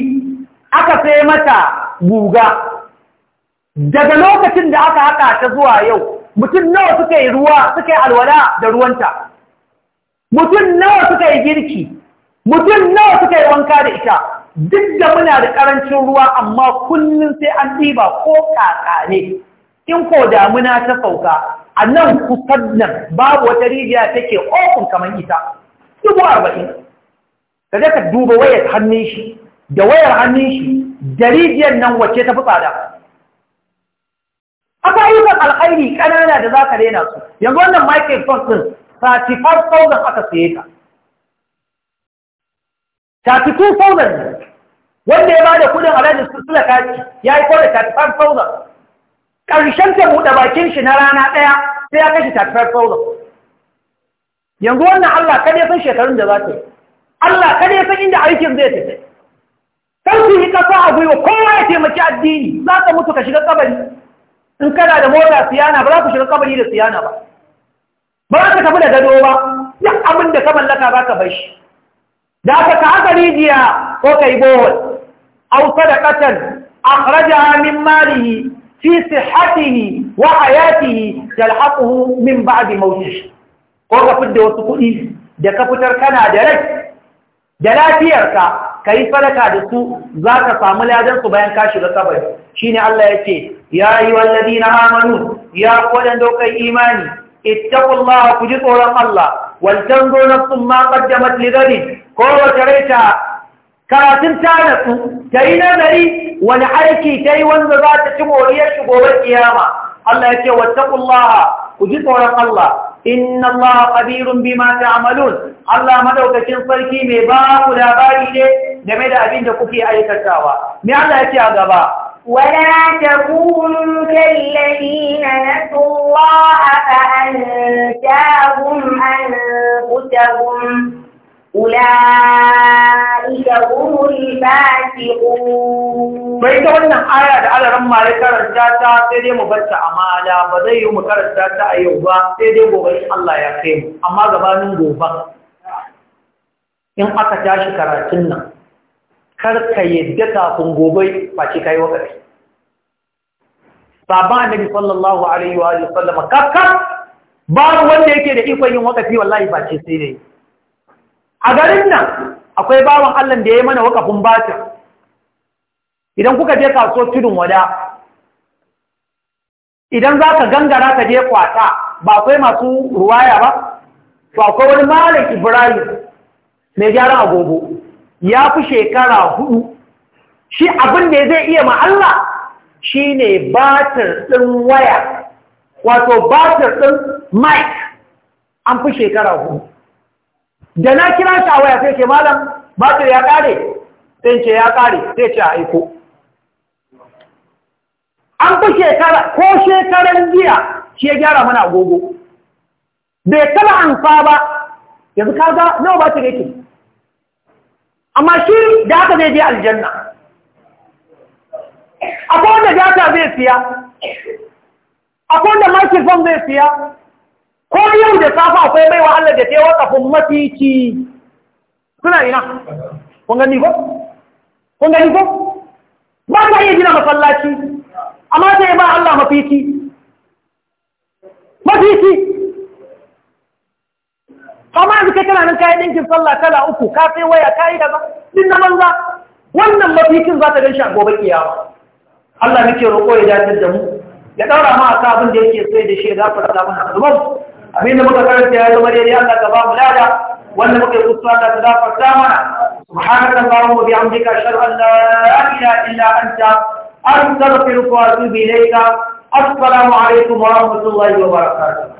aka sai mata guga daga lokacin da aka haɗa ta zuwa yau mutum nawa suka yi ruwa suka yi alwala da ruwanta mutum nawa suka yi girki mutum nawa suka yi wanka da ita duk da muna da ƙarancin ruwa amma kullum sai an ɗiba ko ƙaƙa ne in ko damuna ta sauka a nan kusan nan babu wata rijiya take ofin kamar ita dubu ka je ka duba wayar hannun shi da wayar hannun shi da rijiyar nan wacce ta fi tsada akwai ayyukan alkhairi ƙanana da za ka rena su yanzu wannan microphone ɗin 35,000 aka saye ka 32,000 wanda ya ba da kudin alhaji sula kaci ya yi kore 35,000 ƙarshen ta buɗe bakin shi na rana ɗaya sai ya kashi 35,000 yanzu wannan allah kan ya san shekarun da za ta yi Allah kada ya san inda aikin zai tafi kar ku yi kasa a gwiwa kowa ya taimaki addini za ka mutu ka shiga kabari in kana da mota siyana ba za ka shiga kabari da siyana ba ba za ka tafi da gado ba duk abin da ka mallaka ba ka bai shi da aka ka haka rijiya ko ka yi bohol au sadaqatan akhrajaha min malihi fi sihhatihi wa hayatihi yalhaquhu min ba'di mawtihi ko ka fidda wasu kuɗi da ka fitar kana da rai da lafiyarka ka yi falaka da su za ka samu su bayan ka shiga kabari shi ne Allah ya ce ya yi wallazi na amanu ya waɗanda kuka imani ittaqullaha ku ji tsoron Allah Wancan tanzo sun ma qaddamat li ko wata ta? karatun ta nasu ta yi nazari wani aiki ta yi wanda za ta ci moriyar shi gobe kiyama Allah ya ce wattaqullaha ku ji tsoron Allah inna Allah kabirun bima ta'malun Allah madaukakin sarki mai ba ku labari ne game da abin da kuke aikatawa me Allah yake a gaba ولا تكونوا كالذين نسوا الله فأنساهم أولئك هم الفاسقون bai ta wannan aya da alaran mare karanta ta sai dai mu barta amala ba zai yi mu karanta ta a yau ba sai dai gobe in Allah ya kai mu amma gabanin gobe in aka tashi karatun nan kar ka yadda kafin gobe ba ce kai wakati sabon annabi sallallahu alaihi wa sallam kakka babu wanda yake da ikon yin wakati wallahi ba ce sai dai a garin nan akwai bawan Allah da ya yi mana wakafin batir idan kuka je kaso tudun wada idan za ka gangara ka je kwata ba akwai masu ruwaya ba to akwai wani malam ibrahim mai gyara agogo ya fi shekara hudu shi abin da zai iya ma'alla shi ne batir ɗin waya wato batir ɗin mike an fi shekara hudu da na kira shi a waya sai ke malam batir ya kare sai ce ya kare sai ce a aiko an fi shekara ko shekaran jiya shi ya gyara mana agogo bai an fa ba yanzu ka za nawa batir yake amma shi da aka zai je aljanna akwai wanda data zai siya akwai wanda microphone zai siya ko yau da safa akwai baiwa Allah da ta yi wakafin mafici suna ina kun gani ko kun gani ko ba ta iya gina masallaci amma sai ba Allah mafici mafici amma yanzu kai nan kayan ɗinkin sallah kala uku ka sai waya ka yi kaza din na banza wannan mafikin za ta ganshi a gobe kiyawa Allah nake roƙo ya dakatar da mu ya ɗaura ma a abin da yake sai da shi ya sabon mana zubar abin da muka karanta ya zama daidai Allah ka ba mu lada wanda muka yi kusa da ta dafarta mana subhanaka allahumma bihamdika ashhadu an la ilaha illa anta astaghfiruka wa atubu ilayka assalamu alaikum wa rahmatullahi wa barakatuh